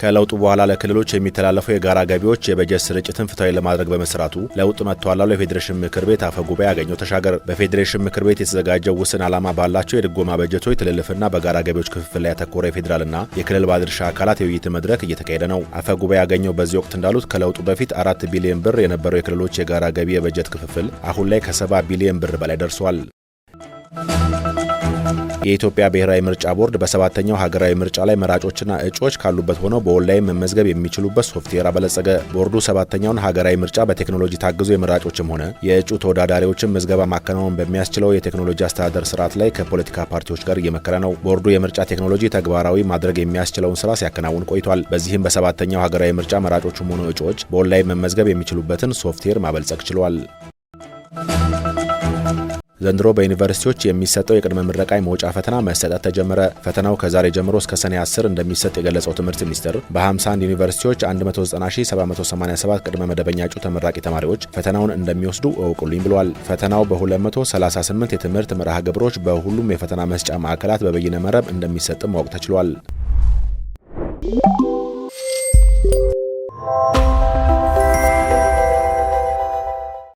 ከለውጡ በኋላ ለክልሎች የሚተላለፉ የጋራ ገቢዎች የበጀት ስርጭትን ፍትሐዊ ለማድረግ በመስራቱ ለውጥ መጥቷል የፌዴሬሽን ምክር ቤት አፈ ጉባኤ አገኘው ተሻገር በፌዴሬሽን ምክር ቤት የተዘጋጀው ውስን ዓላማ ባላቸው የድጎማ በጀቶች ትልልፍና በጋራ ገቢዎች ክፍፍል ላይ ያተኮረ የፌዴራልና የክልል ባለድርሻ አካላት የውይይት መድረክ እየተካሄደ ነው። አፈ ጉባኤ አገኘው በዚህ ወቅት እንዳሉት ከለውጡ በፊት አራት ቢሊዮን ብር የነበረው የክልሎች የጋራ ገቢ የበጀት ክፍፍል አሁን ላይ ከሰባ ቢሊዮን ብር በላይ ደርሷል። የኢትዮጵያ ብሔራዊ ምርጫ ቦርድ በሰባተኛው ሀገራዊ ምርጫ ላይ መራጮችና እጩዎች ካሉበት ሆነው በኦንላይን መመዝገብ የሚችሉበት ሶፍትዌር አበለጸገ። ቦርዱ ሰባተኛውን ሀገራዊ ምርጫ በቴክኖሎጂ ታግዞ የመራጮችም ሆነ የእጩ ተወዳዳሪዎችን ምዝገባ ማከናወን በሚያስችለው የቴክኖሎጂ አስተዳደር ስርዓት ላይ ከፖለቲካ ፓርቲዎች ጋር እየመከረ ነው። ቦርዱ የምርጫ ቴክኖሎጂ ተግባራዊ ማድረግ የሚያስችለውን ስራ ሲያከናውን ቆይቷል። በዚህም በሰባተኛው ሀገራዊ ምርጫ መራጮችም ሆኑ እጩዎች በኦንላይን መመዝገብ የሚችሉበትን ሶፍትዌር ማበልጸግ ችሏል። ዘንድሮ በዩኒቨርሲቲዎች የሚሰጠው የቅድመ ምረቃ የመውጫ ፈተና መሰጠት ተጀመረ። ፈተናው ከዛሬ ጀምሮ እስከ ሰኔ 10 እንደሚሰጥ የገለጸው ትምህርት ሚኒስቴር በ51 ዩኒቨርሲቲዎች 190787 ቅድመ መደበኛ እጩ ተመራቂ ተማሪዎች ፈተናውን እንደሚወስዱ እውቁልኝ ብሏል። ፈተናው በ238 የትምህርት መርሃ ግብሮች በሁሉም የፈተና መስጫ ማዕከላት በበይነ መረብ እንደሚሰጥም ማወቅ ተችሏል።